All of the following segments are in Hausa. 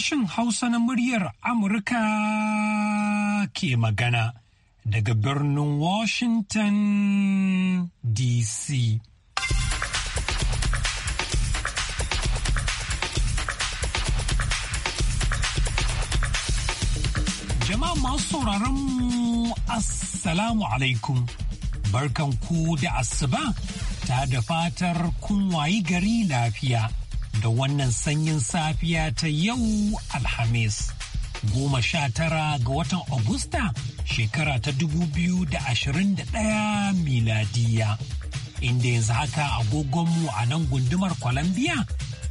sashen Hausa na muryar Amurka ke magana daga birnin Washington DC. Jama'a masu sauraron mu Assalamu alaikum. Barkan ku da asuba ta da fatar kun wayi gari lafiya. da wannan sanyin safiya ta yau Alhamis. Goma sha tara ga watan Agusta shekara ta dubu biyu da ashirin da ɗaya miladiya. Inda yanzu haka agogonmu a nan gundumar Colombia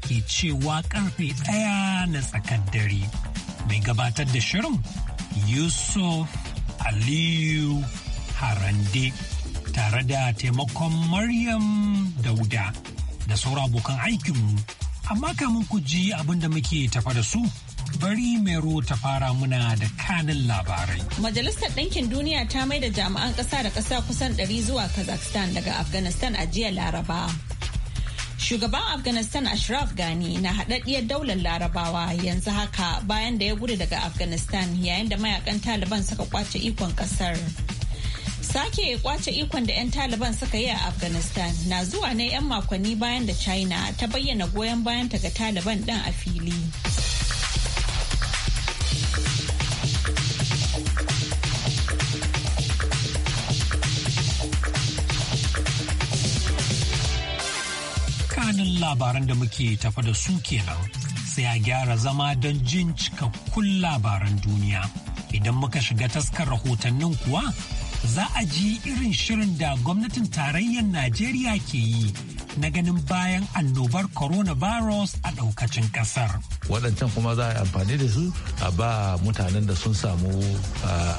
ke cewa karfe ɗaya na tsakar dare. Mai gabatar da shirin Yusuf Aliyu Harande tare da taimakon Maryam Dauda da sauran abokan aikinmu Amma kamun ku ji abin da muke tafa da su bari mero ta fara muna da kanin labarai. Majalisar Ɗinkin Duniya ta mai da jami'an ƙasa da ƙasa kusan ɗari zuwa Kazakhstan daga Afghanistan a jiya Laraba. Shugaban Afghanistan Ashraf Ghani na haɗaɗɗiyar daular larabawa yanzu haka bayan da ya gudu daga Afghanistan yayin da mayakan Taliban suka kwace ikon ƙasar. Sake kwace ikon da 'yan Taliban suka yi a Afghanistan na zuwa na 'yan makonni bayan da China ta bayyana goyon bayanta ga Taliban ɗin a fili. Kanin labaran da muke tafa da su kenan sai a gyara zama don jin cikakkun labaran duniya. Idan muka shiga taskar rahotannin kuwa za a ji irin shirin da gwamnatin tarayyar Najeriya ke yi na ganin bayan annobar coronavirus a ɗaukacin kasar. Waɗancan kuma za a yi amfani da su a ba mutanen da sun samu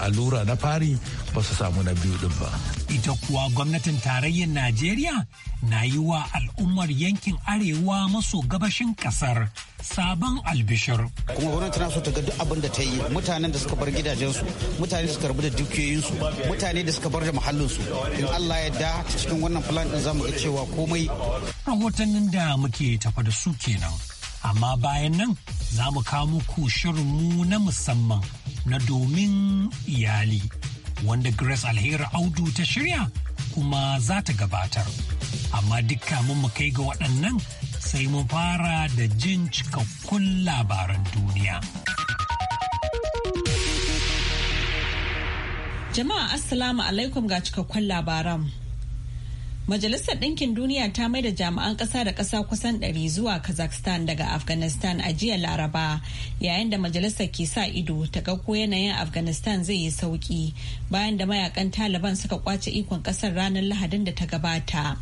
allura na fari ba su samu na biyu ɗin ba. Ita kuwa gwamnatin tarayyar Najeriya na yi wa al'ummar yankin arewa maso gabashin kasar sabon albishir. Kuma gwamnati na so ta ga duk abin ta yi mutanen da suka bar gidajensu mutane da suka rabu da dukiyoyinsu mutane da suka bar da muhallinsu in Allah ya da cikin wannan plan din zamu ga cewa komai Rahotannin da muke tafa da su kenan. Amma bayan nan za mu kawo muku shirinmu na musamman na domin iyali wanda Grace Alheri Audu ta shirya kuma za ta gabatar. Amma dukka mun mu kai ga waɗannan sai mu fara da jin cikakkun labaran duniya. Jama'a Assalamu alaikum ga cikakkun labaran. Majalisar Ɗinkin Duniya ta mai da jami'an ƙasa da ƙasa kusan 100 zuwa Kazakhstan daga Afghanistan a jiya Laraba, yayin da majalisar ke sa ido ta ga ko yanayin Afghanistan zai yi sauƙi, bayan da mayakan Taliban suka kwace ikon ƙasar ranar Lahadin da ta gabata.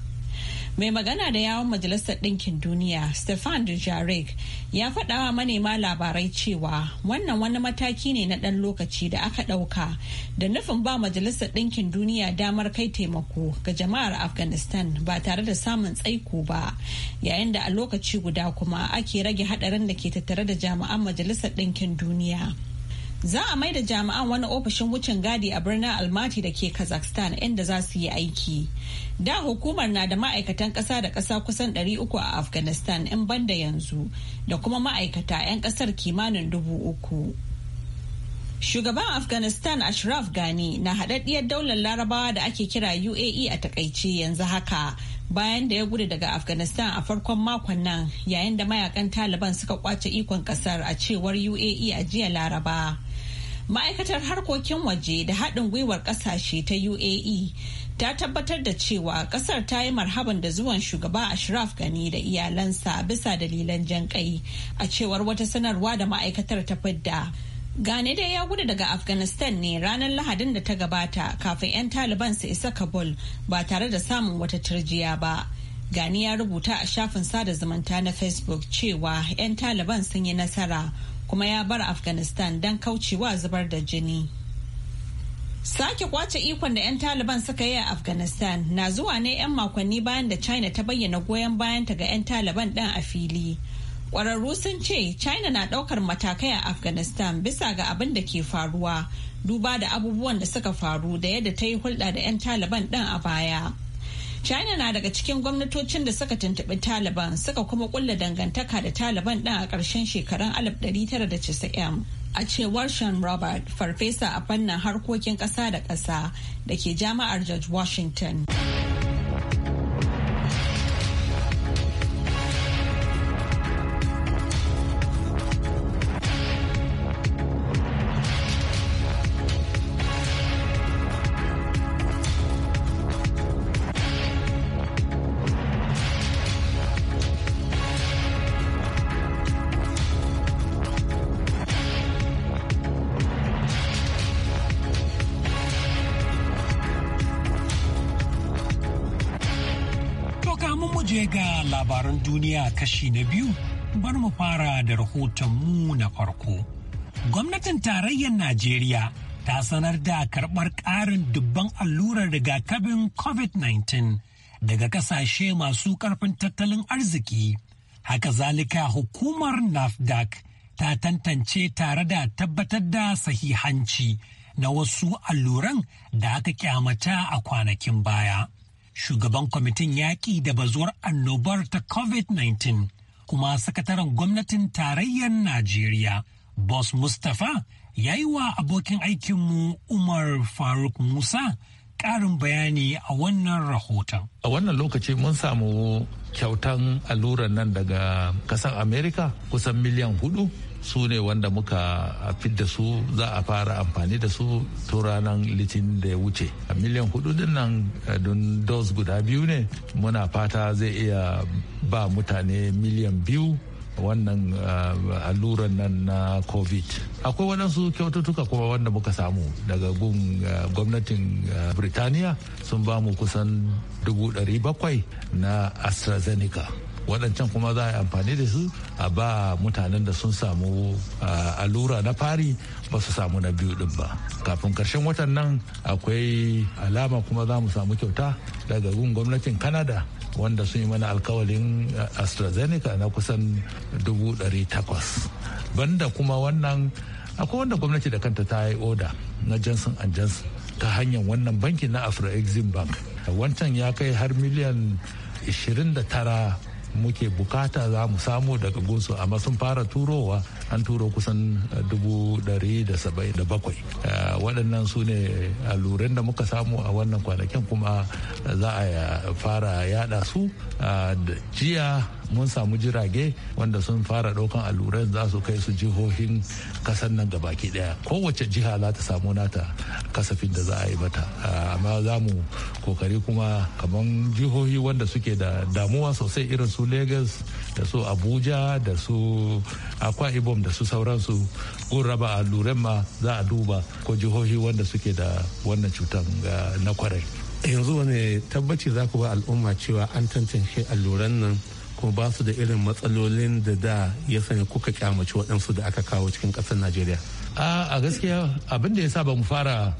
mai magana da yawon majalisar ɗinkin duniya stefan dujarric ya faɗawa manema labarai cewa wannan wani mataki ne na ɗan lokaci da aka ɗauka da nufin ba majalisar ɗinkin duniya damar kai taimako ga jama'ar afghanistan ba tare da samun tsaiko ba yayin da a lokaci guda kuma ake rage haɗarin da ke tattare da jami'an majalisar ɗinkin duniya Za a mai da jami'an wani ofishin wucin gadi a birnin almati da ke Kazakhstan inda za su yi aiki. Da hukumar na da ma'aikatan ƙasa da ƙasa kusan 300 a Afghanistan in banda yanzu da kuma ma'aikata 'yan ƙasar kimanin dubu uku. Shugaban Afghanistan Ashraf Ghani na haɗaɗɗiyar daular larabawa da ake kira UAE a e takaice yanzu haka bayan da ya gudu daga Afghanistan a farkon makon nan yayin da mayakan Taliban suka kwace ikon kasar a cewar UAE a jiya laraba. ma'aikatar harkokin waje da haɗin gwiwar ƙasashe ta uae ta tabbatar da cewa ƙasar ta yi marhaban da zuwan shugaba ashraf gani da iyalansa bisa dalilan jan a cewar wata sanarwa da ma'aikatar ta fidda gane dai ya gudu daga afghanistan ne ranar lahadin da ta gabata kafin 'yan taliban su isa kabul ba tare da samun wata turjiya ba gani ya rubuta a shafin sada zumunta na facebook cewa 'yan taliban sun yi nasara kuma ya bar afghanistan don kaucewa zubar da jini sake kwace ikon da 'yan taliban suka yi a afghanistan na zuwa ne 'yan makonni bayan da china ta bayyana goyon bayanta ga 'yan taliban ɗin a fili kwararru sun ce china na ɗaukar matakai a afghanistan bisa ga abin da ke faruwa duba da abubuwan da suka faru da yadda ta yi hulɗa da 'yan taliban ɗin a baya. china na daga cikin gwamnatocin da suka tuntuɓi taliban suka kuma kulla dangantaka da taliban ɗin a ƙarshen shekarun 1990 a cewar sean robert farfesa a fannin harkokin ƙasa da ƙasa da ke jami'ar george washington labaran duniya kashi na biyu bar mu fara da rahoton mu na farko. Gwamnatin tarayyar Najeriya ta sanar da karɓar ƙarin dubban allurar rigakafin COVID-19 daga ƙasashe masu ƙarfin tattalin arziki. Haka zalika hukumar NAFDAC ta tantance tare da tabbatar da sahihanci na wasu alluran da aka kyamata a kwanakin baya. shugaban kwamitin yaƙi da bazuwar annobar ta covid-19 kuma sakataren gwamnatin tarayyar najeriya boss mustapha ya yi wa abokin aikinmu umar faruk musa ƙarin bayani a wannan rahoton a wannan lokaci mun samu kyautan allurar nan daga ƙasar amerika kusan miliyan hudu su ne wanda muka fidda su za a fara amfani da su tun ranar litin da ya wuce a miliyan hudu din nan eh, don dos guda biyu ne muna fata zai iya ba mutane miliyan biyu wannan eh, alluran nan na covid akwai wadansu kyaututtuka kuma wanda muka samu daga gun eh, gwamnatin birtaniya sun ba mu kusan 700 na astrazeneca waɗancan kuma za a yi amfani da su a ba mutanen da sun samu allura na fari ba su samu na biyu ɗin ba kafin karshen watan nan akwai alama kuma za mu samu kyauta daga gun gwamnatin canada wanda sun yi mana alkawalin astrazeneca na kusan 800 banda kuma wannan akwai wanda gwamnati da kanta ta yi oda na johnson and johnson ta hanyar wannan banki na afro bank wancan ya kai har miliyan 29 muke bukata za mu samu daga gunsu amma sun fara turowa an turo kusan eh, dubu dari da saba'in da bakwai eh, waɗannan su ne aluren da muka samu a wannan kwanakin kuma za a fara yada su eh, jiya mun samu jirage wanda sun fara ɗaukan allurai za su kai su jihohin kasar nan ga baki daya kowace jiha za ta samu nata kasafin da za a yi mata amma za mu kokari kuma kamar jihohi wanda suke da damuwa sosai irin su lagos da su abuja da su akwa ibom da su sauransu gun raba alluran ma za a duba ko jihohi wanda suke da wannan cutan na kwarai yanzu wane tabbaci za ku ba al'umma cewa an tantance alluran nan kuma ba su da irin matsalolin da da ya sanya kuka kyamaci waɗansu da aka kawo cikin ƙasar najeriya a gaskiya abin da ya sa ba mu fara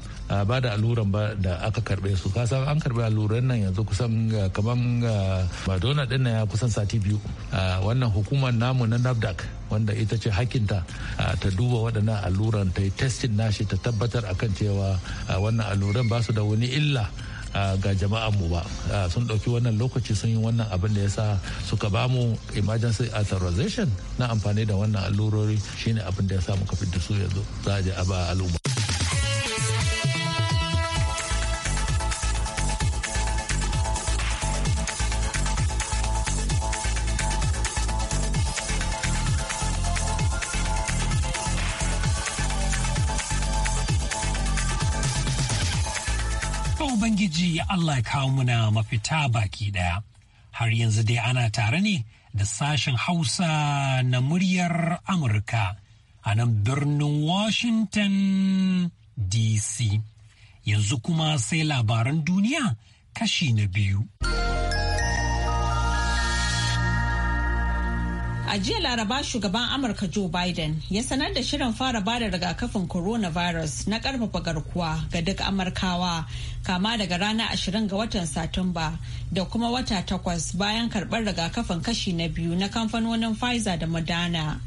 ba da alluran ba da aka karbe su ka san an karbe alluran nan yanzu kusan kaman madonna din nan ya kusan sati biyu wannan hukumar namu na nafdac wanda ita ce hakinta ta duba waɗannan aluran ta yi testin nashi ta tabbatar akan cewa wannan alluran ba su da wani illa ga jama'an mu ba sun ɗauki wannan lokaci sun yi wannan abin da ya sa suka ba mu emergency authorization na amfani da wannan allurori shine abin da ya sa muka fitar su yanzu za a je a ba al'umma Allah ya kawo muna mafita baki ɗaya. Har yanzu dai ana tare ne da sashen Hausa na muryar Amurka a nan birnin Washington DC. Yanzu kuma sai labaran duniya kashi na biyu. A jiya Laraba shugaban Amurka Joe Biden ya sanar da shirin fara bada rigakafin coronavirus na karfafa garkuwa ga duk Amurkawa kama daga ranar 20 ga watan Satumba da kuma wata takwas bayan karɓar rigakafin kashi na biyu na kamfanonin Pfizer da Moderna.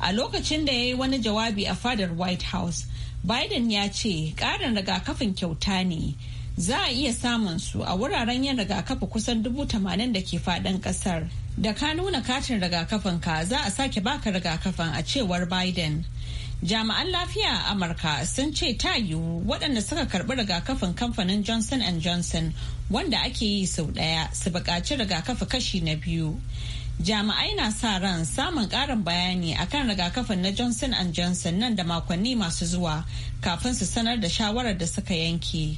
A lokacin da ya yi wani jawabi a fadar White House, Biden ya ce ƙarin rigakafin kyauta ne. Za a iya samun su a wuraren yin rigakafi kusan dubu tamanin da ke faɗin ƙasar. da ka nuna katin rigakafin ka za a sake baka rigakafin a cewar biden jami'an lafiya a amurka sun ce ta yiwu waɗanda suka karɓi rigakafin kamfanin johnson johnson wanda ake yi sau ɗaya su buƙaci rigakafi kashi na biyu jami'ai na sa ran samun ƙarin bayani akan rigakafin na johnson johnson nan da makonni masu zuwa kafin su sanar da shawarar da suka yanke.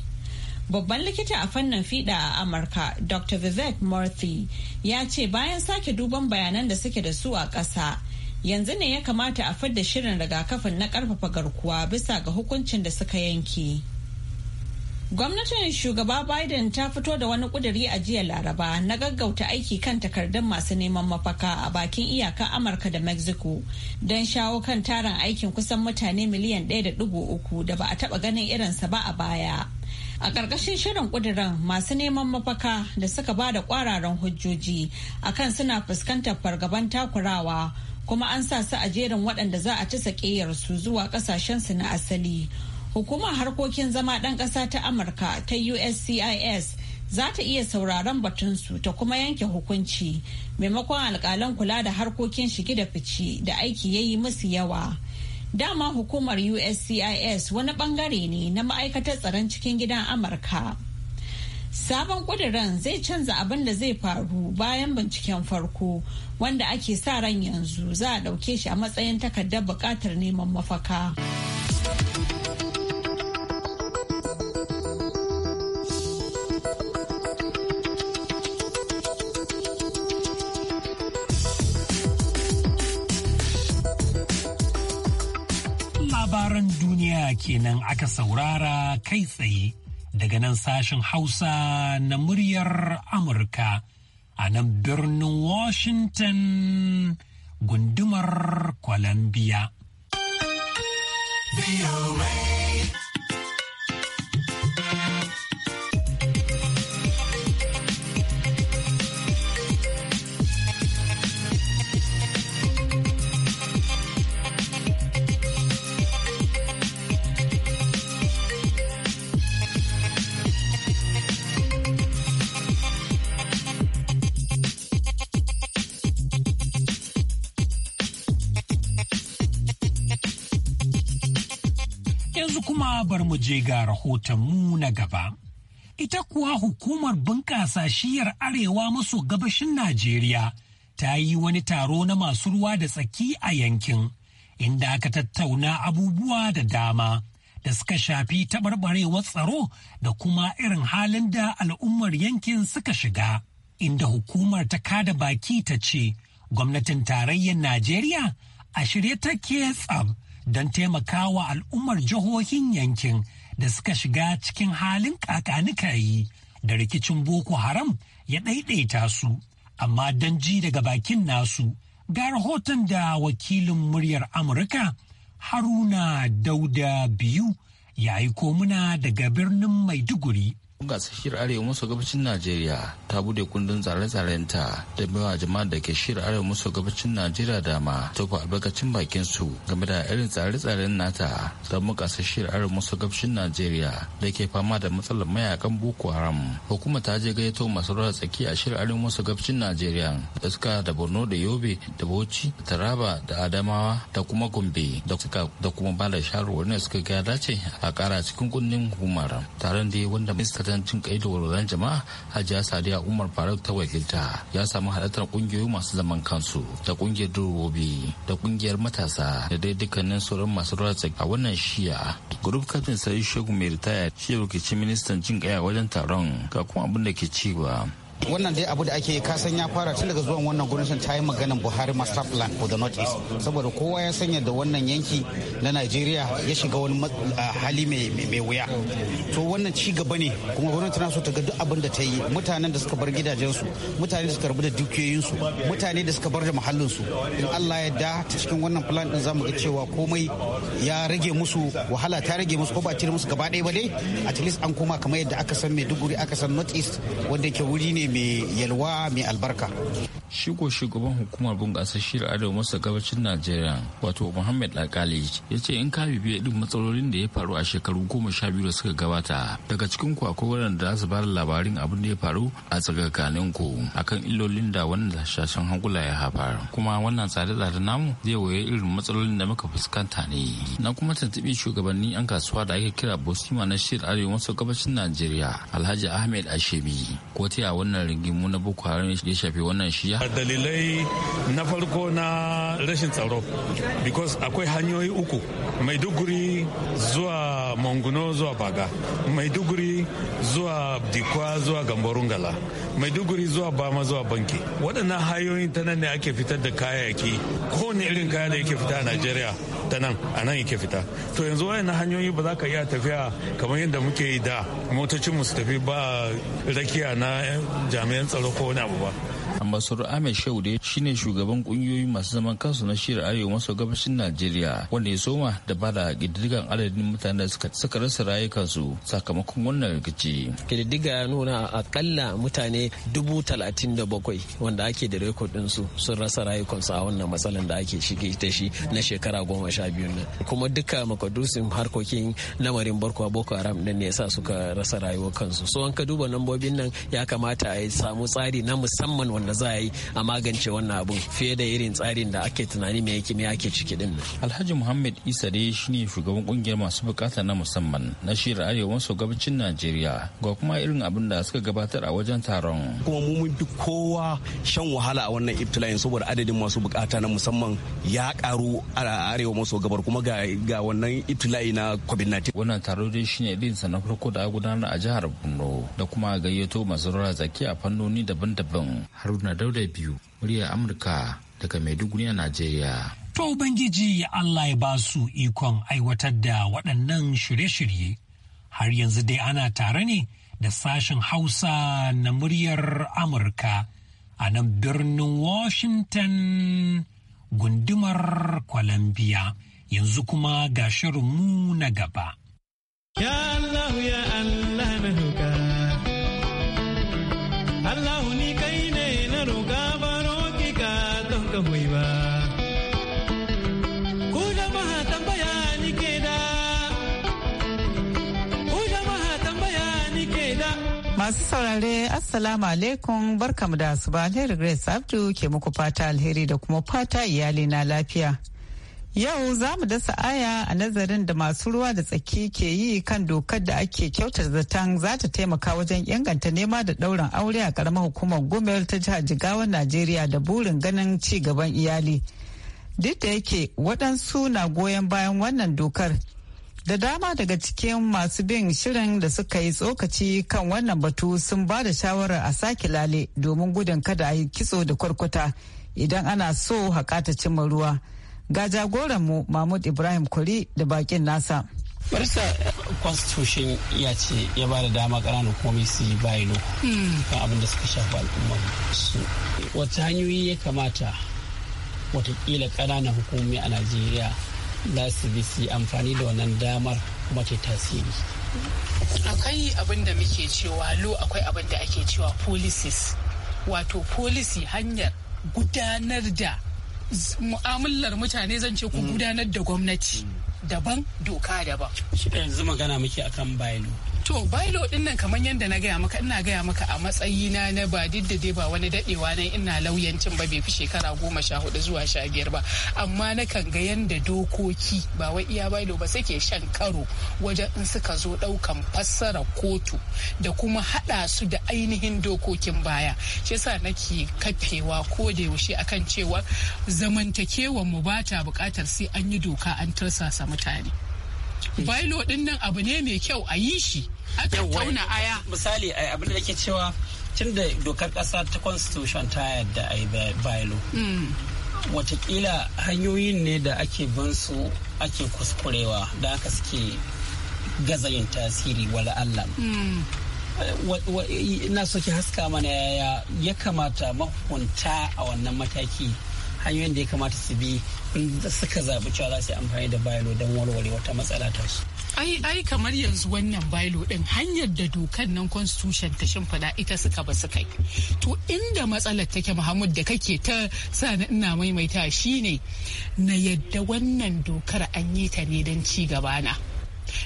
Babban likita a fannin fiɗa a Amurka, Dr. Vivek Murthy, ya ce bayan sake duban bayanan da suke da su a ƙasa, yanzu ne ya kamata a fidda shirin rigakafin na karfafa garkuwa bisa ga hukuncin da suka yanke. Gwamnatin shugaba Biden ta fito da wani kuduri a jiya Laraba na gaggauta aiki kan takardun masu neman mafaka a bakin iyakar Amurka da Mexico don shawo kan tarin aikin kusan mutane miliyan 1.3 da ba a taba ganin irinsa ba a baya. A ƙarƙashin shirin ƙudirin masu neman mafaka da suka ba da ƙwararan hujjoji akan suna fuskantar fargaban takurawa kuma an sa su a jerin waɗanda za a ci su zuwa ƙasashensu na asali. Hukumar harkokin zama ɗan ƙasa ta Amurka ta USCIS za ta iya sauraron batunsu ta kuma yanke hukunci maimakon alƙalan kula da harkokin shige da fice da aiki ya yi musu yawa. Dama hukumar USCIS wani bangare ne na ma'aikatar tsaron cikin gidan Amurka. Sabon ƙudiran zai canza abin da zai faru bayan binciken farko wanda ake sa ran yanzu za a dauke shi a matsayin takardar buƙatar neman mafaka. kenan aka saurara kai tsaye daga nan sashen Hausa na muryar Amurka a nan birnin Washington gundumar Columbia. Be bar mu je ga rahotonmu na gaba. Ita kuwa hukumar bunƙasa shiyar arewa maso gabashin Najeriya ta yi wani taro na masu ruwa da tsaki a yankin, inda aka tattauna abubuwa da dama da suka shafi taɓarɓarewar tsaro da kuma irin halin da al'ummar yankin suka shiga, inda hukumar ta kada baki ta ce, gwamnatin tarayyar Najeriya a shirye take tsab don taimakawa al'ummar jihohin yankin da suka shiga cikin halin yi da rikicin boko haram ya ɗaiɗaita su amma don ji daga bakin nasu ga rahoton da wakilin muryar amurka haruna dauda biyu ya aiko muna daga birnin maiduguri gasashiyar arewa maso gabacin najeriya ta bude kundin tsare-tsarenta da baiwa jama'a da ke shirin arewa maso gabacin najeriya dama tofa albarkacin bakin su game da irin tsare-tsaren nata don gasashiyar arewa maso gabacin najeriya da ke fama da matsalar mayakan boko haram hukuma ta je gayyato masu rawar tsaki a shirin arewa maso gabacin najeriya da suka da borno da yobe da bauchi taraba da adamawa da kuma gombe da kuma bada da shawarwarin da suka gada dace a kara cikin kundin hukumar taron da wanda minista ma'aikatan kai da walwalan jama'a hajiya sadiya umar faruk ta wakilta ya samu halartar ƙungiyoyi masu zaman kansu da ƙungiyar durobobi da ƙungiyar matasa da dai dukkanin sauran masu ratsa a wannan shiya grup captain sai shegu mai ritaya shi rikici ministan jin kai a wajen taron ga kuma abin da ke cewa wannan dai abu da ake kasan ya fara tun daga zuwan wannan gwamnatin ta yi maganin buhari master plan for the north east saboda kowa ya sanya da wannan yanki na nigeria ya shiga wani hali mai wuya to wannan ci gaba ne kuma gwamnati na so ta ga duk abin da ta yi mutanen da suka bar gidajensu mutane da suka rabu da dukiyoyinsu mutane da suka bar da muhallinsu in allah ya da ta cikin wannan plan din zamu ga cewa komai ya rage musu wahala ta rage musu ko ba cire musu gaba ɗaya ba dai at least an koma kamar yadda aka san maiduguri aka san north east wanda ke wuri ne mai yalwa mai albarka shigo shugaban hukumar bunƙasa shirin arewa masa gabacin najeriya wato muhammad alkali ya ce in ka bibiya irin matsalolin da ya faru a shekaru goma sha biyu da suka gabata daga cikin ku akwai waɗanda za su bada labarin abin da ya faru a tsakakanin ku akan illolin da wannan sashen hankula ya haifar kuma wannan tsare-tsare namu zai waye irin matsalolin da muka fuskanta ne na kuma tuntuɓi shugabanni yan kasuwa da ake kira bosima na shirin arewa masa gabacin najeriya alhaji ahmed ashemi ko ta wannan wannan rigimu na boko haram ya shafi wannan shiya dalilai na farko na rashin tsaro because akwai hanyoyi uku maiduguri zuwa manguno zuwa baga duguri zuwa dikwa zuwa gambarungala maiduguri zuwa bama zuwa banki waɗannan hanyoyin ta nan ne ake fitar da kayayyaki kowane irin kaya da yake fita a nigeria ta nan a nan yake fita to yanzu wayannan hanyoyi ba za ka iya tafiya kamar yadda muke yi da motocin su tafi ba rakiya na jami'an tsaro ko wani abu ba Masar Ahmed Shaude shine shugaban kungiyoyi masu zaman kansu na shirin arewa maso gabashin Najeriya wanda ya soma da bada kididdigan adadin mutanen da suka rasa rayukansu sakamakon wannan rikici. Kididdiga ya nuna akalla mutane dubu talatin da bakwai wanda ake da rekodin su sun rasa rayukansu a wannan matsalan da ake shige ta shi na shekara goma sha biyu nan. Kuma duka makadusin harkokin lamarin barkwa Boko Haram din ne yasa suka rasa rayukansu. kansu an ka duba lambobin nan ya kamata a samu tsari na musamman abubuwan da za a yi a magance wannan abun fiye da irin tsarin da ake tunani me yake mai ake ciki din Alhaji Muhammad Isa dai ne shugaban kungiyar masu bukata na musamman na shirin arewa maso gabacin Najeriya ga kuma irin abin da suka gabatar a wajen taron kuma mu mun bi kowa shan wahala a wannan ibtila'in saboda adadin masu bukata na musamman ya karu a arewa maso gabar kuma ga ga wannan ibtila'i na COVID-19 wannan taron dai shi din sa na farko da gudanar a jihar Borno da kuma gayyato masu rara zaki a fannoni daban-daban har haruna dauda biyu muryar amurka daga maiduguri a najeriya to ubangiji allah ya basu ikon aiwatar da waɗannan shirye-shirye har yanzu dai ana tare ne da sashen hausa na muryar amurka a nan birnin washington gundumar columbia yanzu kuma ga shirinmu na gaba ya ya allah na Allah ni kai Masu saurare Assalamu alaikum barkamu da asuba alheri Grace Abdu ke muku fata alheri da kuma fata iyali na lafiya. Yau za mu dasa aya a nazarin da masu ruwa da tsaki ke yi kan dokar da ake kyautar zaton za ta taimaka wajen inganta nema da ɗaurin aure a karamar hukumar Gomel ta jihar Jigawa Najeriya da burin ganin ci gaban iyali. Duk da yake waɗansu na goyon bayan wannan dokar. Da dama daga cikin masu bin shirin da suka yi tsokaci kan wannan batu sun ba da shawarar a sake lale domin gudun kada a yi kitso da kwarkwata idan ana so haƙa ta cimma ruwa. Ga jagoranmu Mahmud Ibrahim Kuri da bakin nasa. barista constitution ya ce ya ba da dama ƙananan komai su yi bayilo kan abin da suka shafa al'ummar su wata hanyoyi ya kamata watakila ƙananan hukumomi a najeriya lasibi su amfani da wannan damar kuma ce tasiri akwai abin da muke cewa lo akwai abin da ake cewa policies wato policy hanyar gudanar da mu'amalar mutane zan ce ku gudanar da gwamnati daban doka daban shi yanzu magana muke akan bailo to bailo din nan kamar yadda na gaya maka ina gaya maka a matsayi na ba diddade ba wani dadewa na ina lauyancin ba bai fi shekara goma sha hudu zuwa sha biyar ba amma na kan ga yadda dokoki ba wai iya bailo ba suke shan karo wajen in suka zo ɗaukan fassara kotu da kuma haɗa su da ainihin dokokin baya shi yasa nake kafewa ko da yaushe akan cewa zamantakewa mu bata bukatar sai an yi doka an tursasa mutane bailo din nan abu ne mai kyau a yi shi aka tauna aya misali abin da ke cewa tun da dokar ƙasa ta constitution ta yadda a yi bailo hmm. Wataƙila hanyoyin ne da ake bin su ake kuskurewa da aka suke gaza yin tasiri wala Allah. Hmm. Ina so ki haska mana yaya ya kamata mahukunta a wannan mataki hanyoyin da ya kamata su bi da suka zaɓi cewa za amfani da bailo don warware wata matsala ta su. Ai, kamar yanzu wannan bailo ɗin hanyar da dokan nan constitution ta shimfiɗa ita suka ba su kai. To inda matsalar take Muhammad da kake ta sa ina maimaita shine na yadda wannan dokar an yi ta ne don ci gaba na.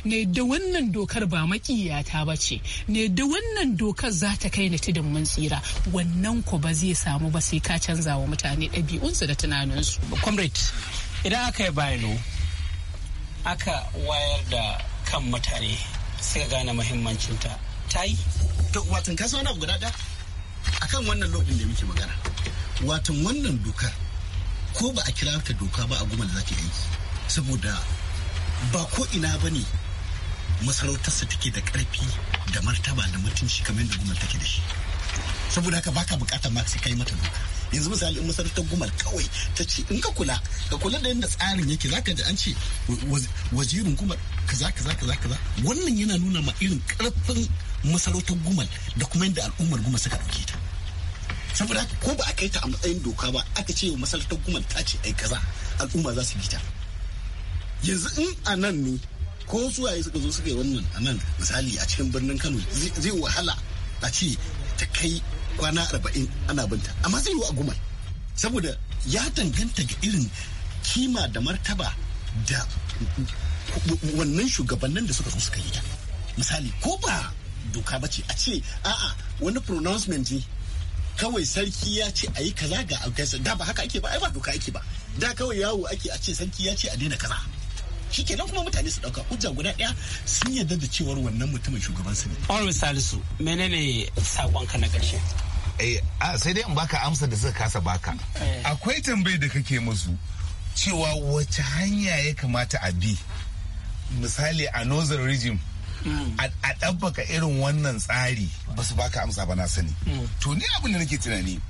ne da wannan dokar ba makiyata ba ce ne da wannan dokar za ta kai na tudun mun tsira wannan ku ba zai samu ba sai ka canza wa mutane ɗabi'unsu da tunaninsu. comrade idan aka yi bayano aka wayar da kan mutane sai ka gane muhimmancinta ta yi to watan kasa wani guda ɗaya akan wannan lokacin da muke magana watan wannan doka ko ba a kira ta doka ba a goma da za ta aiki saboda ba ko ina ba ne masarautarsa take da karfi da martaba da mutunci kamar yadda gumal take da shi saboda haka baka bukatar ma sai kai mata doka yanzu misali in masarautar gumal kawai ta ce in ka kula ka kula da yadda tsarin yake zaka ji an ce wazirin gumal kaza kaza kaza kaza wannan yana nuna ma irin karfin masarautar gumal da kuma yadda al'ummar gumal suka dauke ta saboda ko ba a kai ta a matsayin doka ba aka ce masarautar gumal ta ce ai kaza al'umma za su gita. yanzu in a nan ne ko su waye suka zo suka yi wannan a nan misali a cikin birnin kano zai wahala a ce ta kai kwana arba'in ana binta amma zai yi wa gumai saboda ya danganta ga irin kima da martaba da wannan shugabannin da suka zo suka yi ta misali ko ba doka ba ce a ce a'a wani pronouncement ne kawai sarki ya ce a yi kaza ga da ba haka ake ba ai ba doka ake ba da kawai yawo ake a ce sarki ya ce a daina kaza shikenan kuma mutane su dauka hujja guda daya sun yarda da cewar wannan mutumin shugaban su ne always salisu menene sakonka na karshe eh, sai dai in baka amsa da suka kasa baka eh. akwai tambayi da kake musu cewa wace hanya ya kamata a bi misali a northern region hmm. a ɗabbaka irin wannan tsari ba su baka amsa ba na sani hmm. to ni abin da nake tunani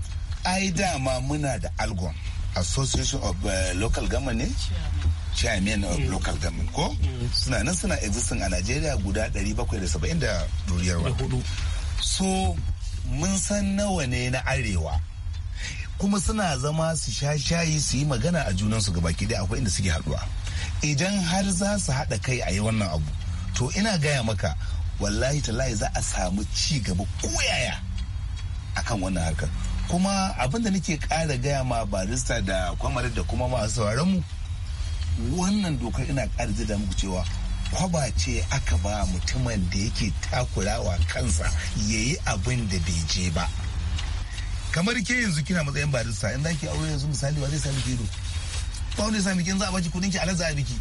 ai dama muna da algon association of uh, local government chairman of mm. local government ko suna nan suna existing a Najeriya guda 770 da duriyar so mun san nawa ne na arewa kuma suna zama su sha shayi su yi magana a junansu ga baki dai akwai inda suke haduwa idan har za su haɗa kai a yi wannan abu to ina gaya maka wallahi talahi za a samu ci gaba koyaya akan wannan harkar kuma abin da nake ƙara gaya ma barista da kwamarar da kuma masu sauraron mu wannan dokar ina ƙara jida muku cewa kwaba ce aka ba mutumin da yake takurawa kansa ya yi abin da bai je ba kamar ke yanzu kina matsayin barista in zaki aure yanzu misali ba zai sami ki ba wanda ya sami ki za a baki kudin ki alat za a biki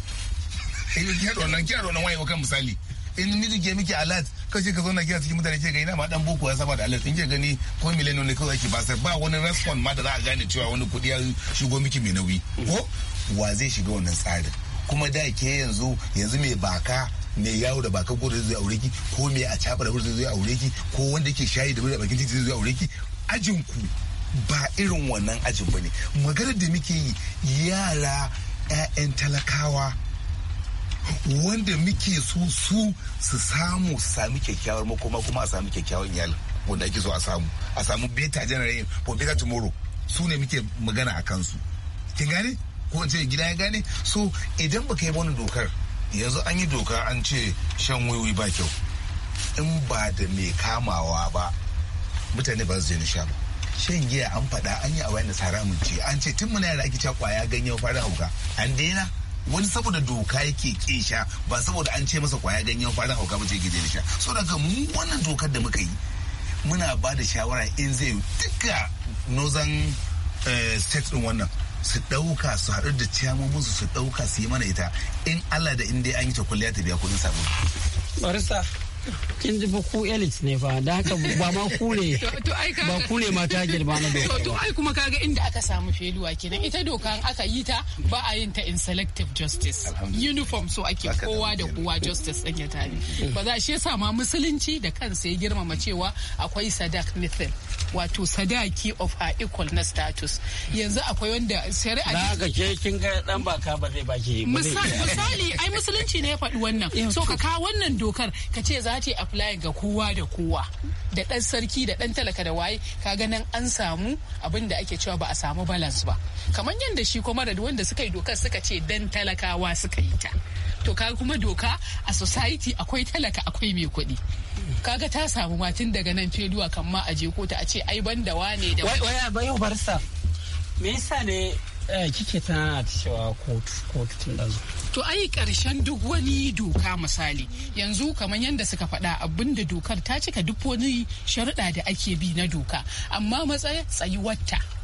kiyar wannan kiyar wannan wayewa kan misali in miji ke miki alat ka ce ka zo na gina cikin mutane ce gani na ma dan boko ya saba da Allah in ke gani ko miliyan ne kawai ake basar ba wani response ma da za a gane cewa wani kuɗi ya shigo miki mai nauyi ko wa zai shiga wannan tsarin kuma da ke yanzu yanzu mai baka mai yawo da baka gudu zai aure ki ko mai a caba da zai aure ki ko wanda ke shayi da da bakin titi zai aure ki ajin ku ba irin wannan ajin bane maganar da muke yi yara 'ya'yan talakawa wanda muke so su su samu sami kyakkyawar makoma kuma a sami kyakkyawar iyalin wanda ake so a samu a samu beta generation for beta tomorrow su ne muke magana a kansu kin gane ko ce gida ya gane so idan baka yi wani dokar yanzu an yi doka an ce shan wiwi ba kyau in ba da mai kamawa ba mutane ba su je ni sha ba shan giya an faɗa an yi a wayan da mun ce an ce tun muna yara ake cewa kwaya ganyen fara hauka an daina wani saboda doka yake kin ba saboda an ce masa kwaya ganyen kwanan hauka mace yake da sha so daga mu wannan dokar da muka yi muna ba da shawara in zai duka northern eh, states din wannan su dauka su haɗu da ciyamomin su su ɗauka su yi mana ita in allah da in an yi ta kulliya ta biya kuɗin sabon barista kin ji ku elite ne fa da haka ba ma ku ne ba ku ne ma ta na doka to ai kuma kaga inda aka samu feluwa kenan ita doka an aka yi ta ba a yin ta in selective justice uniform so ake kowa da kowa justice din ya tare ba za shi yasa ma musulunci da kansa ya girmama cewa akwai sadak mithil wato sadaki of her equal na status yanzu akwai wanda shari'a na ga ke kin ga dan baka ba zai baki misali ai musulunci ne ya faɗi wannan so ka kawo wannan dokar ka ce za ta yi ga kowa da kowa da dan sarki da dan talaka da waye ka nan an samu abin da ake cewa ba a samu balance ba kamar yadda shi kuma da wanda suka yi dokar suka ce dan talakawa suka yi ta to ka kuma doka a society akwai talaka akwai mai kuɗi kaga ta samu matin daga nan feduwa kan ma aje ko ta a ce ai ban da wane da wai waya bayo barsa me yasa ne eh, kike ta cewa kotu kotu tun dazu to ai karshen duk wani doka misali yanzu kamar yadda suka faɗa abinda dokar ta cika duk wani sharuɗa da ake bi na doka amma matsayin tsayuwarta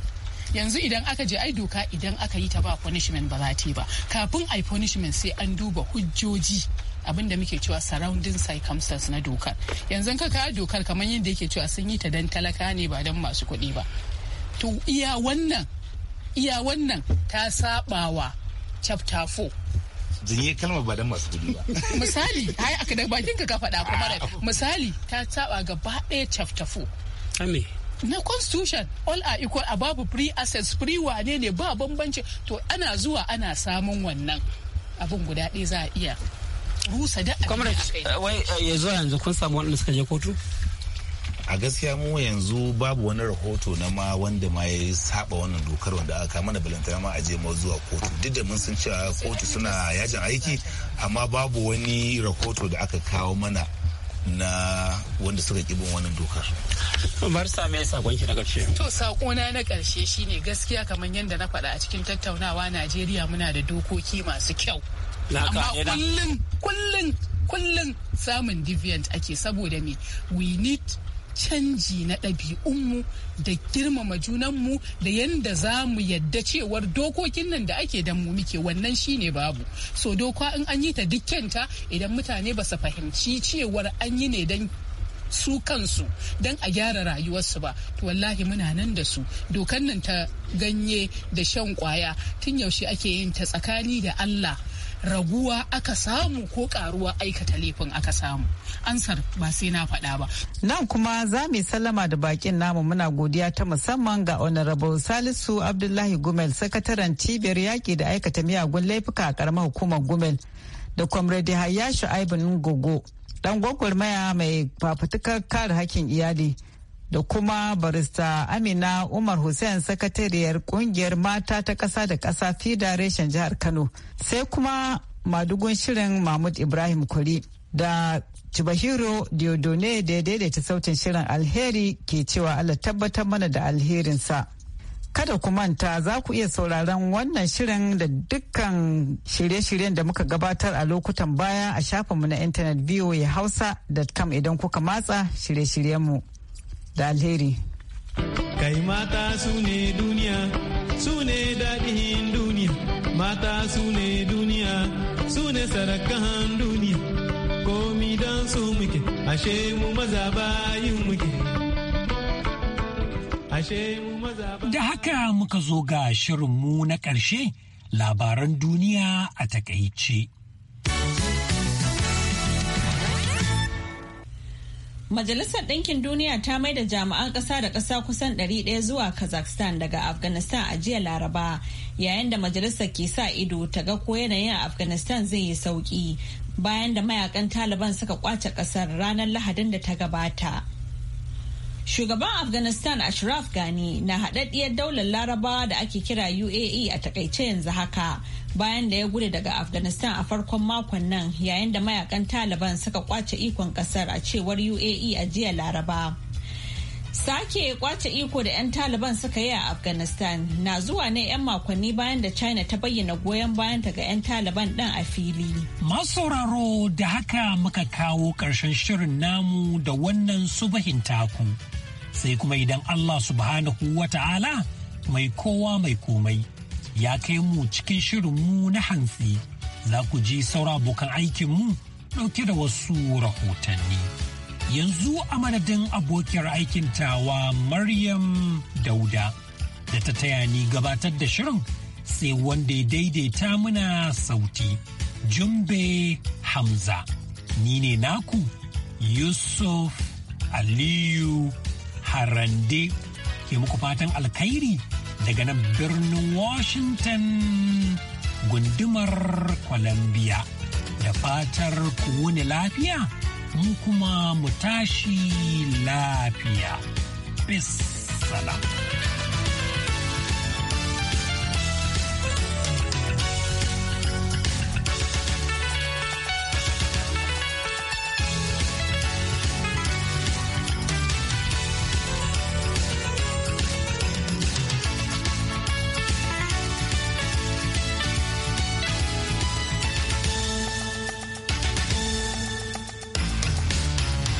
yanzu idan aka je ai doka idan aka yi ta ba punishment ba za ta yi ba kafin ai punishment sai an duba hujjoji abin da muke cewa surrounding circumstances na dokar yanzu ka kawo dokar kamar yadda yake cewa sun yi ta dan talaka ne ba dan masu kuɗi ba to iya wannan iya wannan ta sabawa chapter 4 janye kalmar ba dan masu kuɗi ba misali ai aka da bakin ka ka faɗa kuma misali ta saba gaba ɗaya chapter 4 ame na constitution all are equal a babu free assets free wane ne ba bambanci to ana zuwa ana samun wannan abin guda ɗaya za a iya rusa da uh, wai uh, ya zo yanzu kun samu wanda suka je kotu a gaskiya mu yanzu babu wani rahoto na ma wanda ma ya saba wannan dokar wanda aka mana balantana ma aje mu zuwa kotu duk da mun san cewa kotu suna yajin aiki amma babu wani rahoto da aka kawo mana na wanda suka kibin wannan dokar. Umar Sami ya sakon ki na ƙarshe. To sakona na ƙarshe shine gaskiya kamar yadda na faɗa a cikin tattaunawa Najeriya muna da dokoki masu kyau. Amma eh kullum kullum kullum samun deviant ake saboda me we need canji na ɗabi'unmu da girmama junanmu da yadda za mu yadda cewar dokokin nan da ake da mu muke wannan shine babu so doka in an yi ta dukkanta idan mutane ba su fahimci cewar an yi ne don su kansu don a gyara rayuwarsu ba to wallahi muna nan da su dokan nan ta ganye da shan kwaya tun yaushe ake yin ta tsakani da allah raguwa aka samu ko karuwa aikata laifin aka samu ansar ba sai na faɗa ba nan kuma za mu sallama da bakin namu muna godiya ta musamman ga honorable salisu abdullahi gumel sakataren cibiyar yaƙi da aikata miyagun laifuka a karamar hukumar gumel da comrade hayashi aibin gogo dan gwagwarmaya mai fafutukar kare hakkin iyali da kuma barista Amina Umar Hussein sakatariyar kungiyar mata ta kasa da ƙasa fida reshen jihar Kano sai kuma madugun shirin Mahmud Ibrahim Kuri da Chibahiro Diodone da ya daidaita sautin shirin alheri ke cewa Allah tabbatar mana da alherinsa. Kada ku manta za ku iya sauraron wannan shirin da dukkan shirye-shiryen da muka gabatar a lokutan baya a shafinmu na intanet voahausa.com idan kuka matsa shirye-shiryenmu. da alheri. Kai mata su ne duniya, su ne daɗin duniya, mata su ne duniya, su ne sarakan duniya, komi don su muke, ashe mu maza bayin muke. Da haka muka zo ga shirinmu na ƙarshe labaran duniya a takaice. Majalisar Ɗinkin Duniya ta maida jami'an ƙasa da ƙasa kusan 100 zuwa Kazakhstan daga Afghanistan a jiya Laraba, yayin da majalisar ke sa ido ta ga ko yanayin Afghanistan zai yi sauƙi bayan da mayakan Taliban suka kwace ƙasar ranar Lahadin da ta gabata. Shugaban Afghanistan Ashraf Ghani na haɗaɗɗiyar daular Larabawa da ake kira UAE a takaice yanzu haka bayan da ya gudu daga Afghanistan a farkon makon nan yayin da mayakan Taliban suka kwace ikon kasar a cewar UAE a jiya Laraba. Sake kwace iko da 'yan Taliban suka yi a Afghanistan na zuwa ne 'yan makonni bayan da China ta bayyana goyon bayanta ga 'yan Taliban ɗin a fili. Masu sauraro da haka muka kawo karshen shirin namu da wannan subahin takun. sai kuma idan Allah subhanahu wa ta'ala mai kowa mai komai ya kai mu cikin shirin mu na hantsi za ku ji saura abokan aikinmu ɗauke da wasu rahotanni. Yanzu a madadin abokiyar aikin tawa Maryam Dauda da ta taya ni gabatar da shirin sai wanda ya daidaita muna sauti. Jumbe Hamza. Ni ne naku Yusuf Aliyu harande ke muku fatan alkhairi daga nan birnin washington gundumar columbia da fatar wuni lafiya mu kuma mu tashi lafiya bis salam